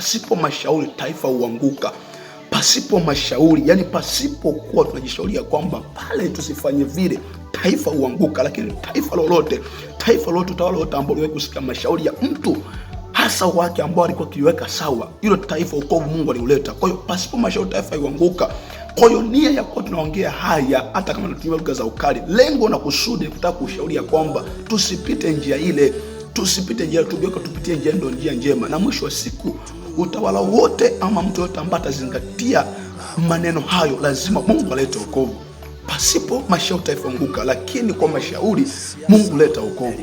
Pasipo mashauri taifa huanguka. Pasipo mashauri, yani pasipo kuwa tunajishauria kwamba pale tusifanye vile, taifa huanguka. Lakini taifa lolote, taifa lolote, utawala wote ambao uliwahi kusikia mashauri ya mtu hasa wake ambao alikuwa akiweka sawa, ilo taifa ukovu Mungu aliuleta. Kwa hiyo pasipo mashauri taifa huanguka. Kwa hiyo nia ya kuwa tunaongea haya, hata kama tunatumia lugha za ukali, lengo na kusudi ni kutaka kushauri ya kwamba tusipite njia ile, tusipite njia, tugeuke, tupitie njia, ndo njia njema, na mwisho wa siku utawala wote ama mtu yote ambaye atazingatia maneno hayo, lazima Mungu alete wokovu. Pasipo mashauri utaifanguka, lakini kwa mashauri Mungu leta wokovu.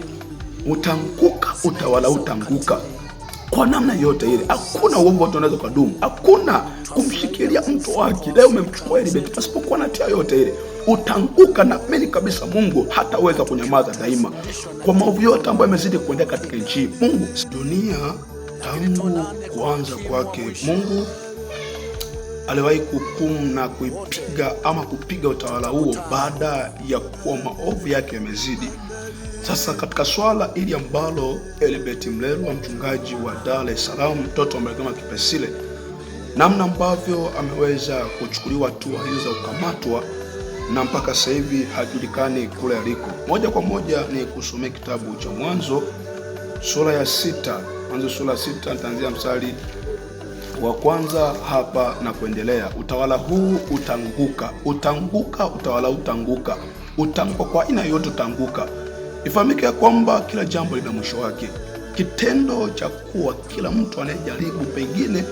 Utanguka, utawala utanguka kwa namna yote ile. Hakuna uovu watu wanaweza kudumu, hakuna kumshikilia mtu wake. Leo umemchukua ile beti, pasipokuwa na tia yote ile, utanguka na mimi kabisa. Mungu hataweza kunyamaza daima kwa maovu yote ambayo yamezidi kuendea katika nchi Mungu dunia tangu kuanza kwake Mungu aliwahi kuhukumu na kuipiga ama kupiga utawala huo baada ya kuwa maovu yake yamezidi. Sasa katika swala hili ambalo Elbert Mlelwa, mchungaji wa Dar es Salaam, mtoto wa Mrehemu Kipesile, namna ambavyo ameweza kuchukuliwa hatua hizo za kukamatwa na mpaka sasa hivi hajulikani kule aliko. Moja kwa moja ni kusomea kitabu cha Mwanzo sura ya sita Mwanzo sura sita nitaanzia mstari wa kwanza hapa na kuendelea. Utawala huu utanguka, utanguka, utawala utanguka, utanguka kwa aina yote, utanguka. Ifahamike ya kwamba kila jambo lina mwisho wake. Kitendo cha kuwa kila mtu anayejaribu pengine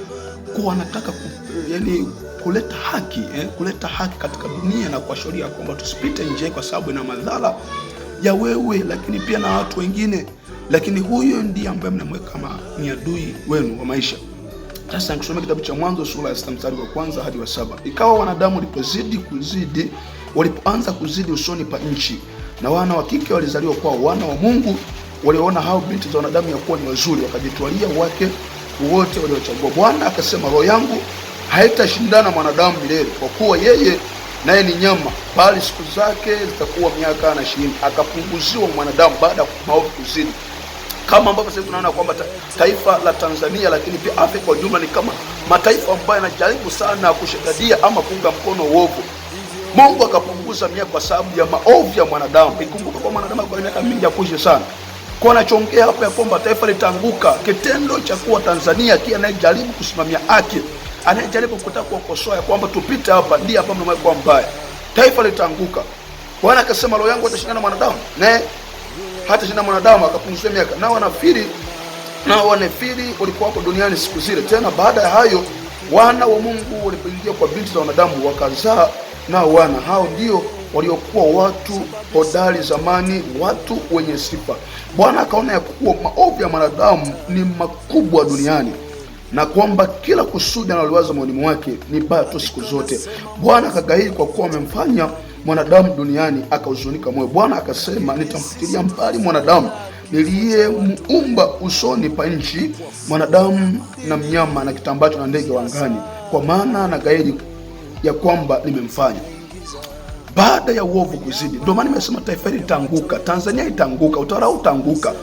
kuwa anataka ku, yani, kuleta haki eh, kuleta haki katika dunia na kuashiria kwamba tusipite nje kwa sababu ina madhara ya wewe, lakini pia na watu wengine, lakini huyo ndiye ambaye mnamweka kama ni adui wenu wa maisha. Sasa nikusomea kitabu cha Mwanzo sura ya sita mstari wa kwanza hadi wa saba. Ikawa wanadamu walipozidi kuzidi, walipoanza kuzidi usoni pa nchi, na wana wa kike walizaliwa kwa wana wa Mungu walioona hao binti za wanadamu ya kuwa ni wazuri, wakajitwalia wake wote waliochagua. Bwana akasema, roho yangu haitashindana mwanadamu milele, kwa kuwa yeye naye ni nyama, bali siku zake zitakuwa miaka na ishirini. Akapunguziwa mwanadamu baada ya maovu kuzidi, kama ambavyo sasa tunaona kwamba taifa la Tanzania lakini pia Afrika kwa jumla ni kama mataifa ambayo yanajaribu sana kushikadia ama kuunga mkono uovu. Mungu akapunguza miaka kwa sababu ya maovu ya mwanadamu. Ikumbuka kwa mwanadamu kwa miaka mingi akuishi sana kwa anachongea hapa ya kwamba taifa litaanguka. Kitendo cha kuwa Tanzania kia anayejaribu kusimamia haki anayejaribu kutaka kuwakosoa ya kwamba tupite hapa, ndiye hapa mnamweka kwa mbaya, taifa litaanguka. Bwana akasema roho yangu atashindana mwanadamu ne hata shina mwanadamu akapunguzia miaka. Nao wanafiri na wanafiri walikuwa hapo duniani siku zile. Tena baada ya hayo wana wa Mungu walipoingia kwa binti za wanadamu wakazaa na wana hao ndio waliokuwa watu hodari zamani, watu wenye sifa. Bwana akaona ya kuwa maovu ya mwanadamu ni makubwa duniani na kwamba kila kusudi analiwaza moyoni mwake ni baya tu siku zote. Bwana akagairi kwa kuwa amemfanya mwanadamu duniani, akahuzunika moyo. Bwana akasema, nitamfutilia mbali mwanadamu niliyemuumba usoni pa nchi, mwanadamu na mnyama na kitambacho na ndege wa angani, kwa maana na ya kwamba nimemfanya. Baada ya uovu kuzidi, ndio maana nimesema taifa hili litaanguka, Tanzania itaanguka, utawala utaanguka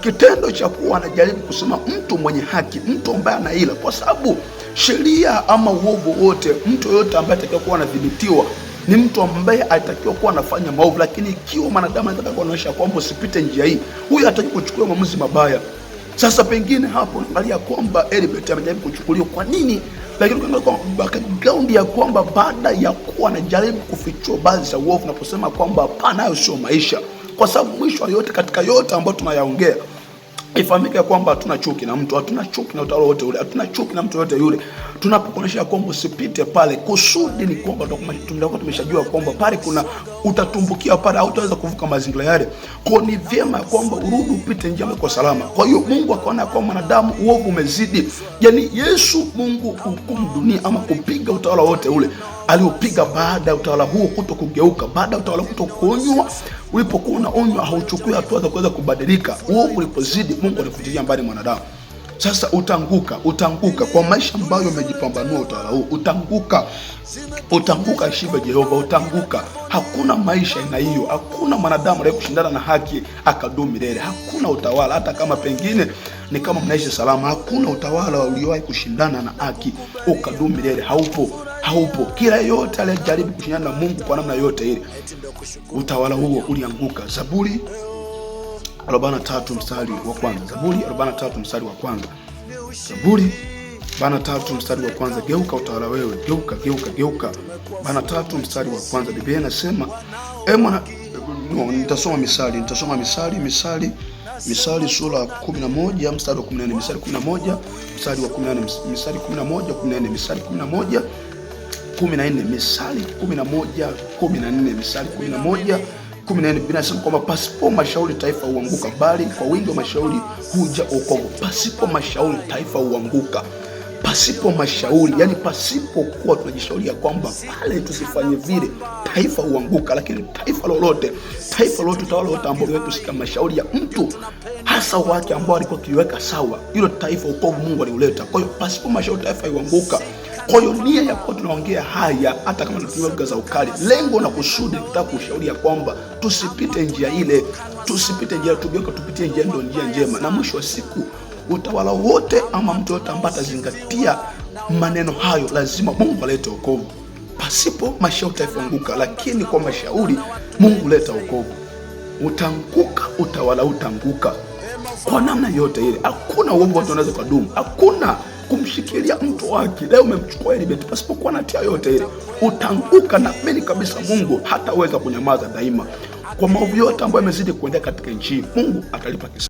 kitendo cha kuwa anajaribu kusema mtu mwenye haki, mtu ambaye anaila, kwa sababu sheria ama uovu wote, mtu yoyote ambaye atakiwa kuwa anadhibitiwa ni mtu ambaye alitakiwa kuwa anafanya maovu, lakini ikiwa mwanadamu anataka kuonyesha kwamba usipite njia hii, huyo hataki kuchukua maamuzi mabaya. Sasa pengine hapo unaangalia kwamba Helbeth amejaribu kuchukuliwa kwa nini, lakini ukiangalia kwa background ya kwamba baada ya kuwa anajaribu kufichua baadhi za uovu na kusema kwamba hapana, hayo sio maisha kwa sababu mwisho wa yote, katika yote ambayo tunayaongea ifahamike kwamba hatuna chuki na mtu, hatuna chuki na utawala wote ule, hatuna chuki na mtu yote yule. Tunapokuonyesha kwamba usipite pale, kusudi ni kwamba tumeshajua tumeshajua kwamba pale kuna utatumbukia pale, au utaweza kuvuka mazingira yale, kwa ni vyema kwamba urudi upite njia kwa salama. Kwa hiyo Mungu akaona kwa mwanadamu uovu umezidi, yani Yesu Mungu hukumu dunia ama kupiga utawala wote ule aliopiga baada ya utawala huo kuto kugeuka, baada ya utawala kuto kuonywa. Ulipokuwa unaonywa hauchukui hatua za kuweza kubadilika, uovu ulipozidi, Mungu alikutilia mbali mwanadamu. Sasa utanguka, utanguka kwa maisha ambayo umejipambanua utawala huu, utanguka, utanguka. Shiba Jehova, utanguka. Hakuna maisha aina hiyo, hakuna mwanadamu aliye kushindana na haki akadumu milele. Hakuna utawala, hata kama pengine ni kama mnaishi salama, hakuna utawala uliowahi kushindana na haki ukadumu milele, haupo haupo. Kila yote aliyejaribu kushindana na Mungu kwa namna yote ile, utawala huo ulianguka. Zaburi 43 mstari wa kwanza. Zaburi 43 mstari wa kwanza. Zaburi bana tatu mstari wa kwanza. Geuka utawala wewe, geuka geuka geuka. Bana tatu mstari wa kwanza, Biblia inasema e mwana no, nitasoma Misali, nitasoma Misali, Misali, Misali sura ya 11 mstari wa 14, Misali 11 mstari wa 14, Misali 11 14, Misali 11 kumi kumi kumi na na na nne moja 14 Mithali 11 14 Mithali 11 14 Biblia inasema kwamba pasipo mashauri taifa huanguka, bali kwa wingi wa mashauri huja wokovu. Pasipo mashauri taifa huanguka, pasipo mashauri, yani pasipo kuwa tunajishauria kwamba pale tusifanye vile, taifa huanguka. Lakini taifa lolote, taifa lolote, utawala wote ambao uliweka katika mashauri ya mtu hasa wake ambao alikuwa kiweka sawa, hilo taifa, ukovu Mungu aliuleta. Kwa hiyo pasipo mashauri taifa huanguka. Kwa hiyo nia ya kuwa tunaongea haya, hata kama tunatumia lugha za ukali, lengo na kusudi kutaka kushauri ya kwamba tusipite njia ile, tusipite njia, tugeuka, tupitie njia, ndio njia njema. Na mwisho wa siku utawala wote ama mtu yote ambaye atazingatia maneno hayo, lazima Mungu alete wokovu. Pasipo mashauri utaifunguka, lakini kwa mashauri Mungu leta wokovu. Utanguka, utawala utanguka kwa namna yote ile. Hakuna uongo watu wanaweza kudumu, hakuna kumshikilia mtu wake. Leo umemchukua Helibeti pasipokuwa na tia yote ile, utanguka na mimi kabisa. Mungu hataweza kunyamaza daima kwa maovu yote ambayo yamezidi kuendea katika nchi hii. Mungu atalipa kisa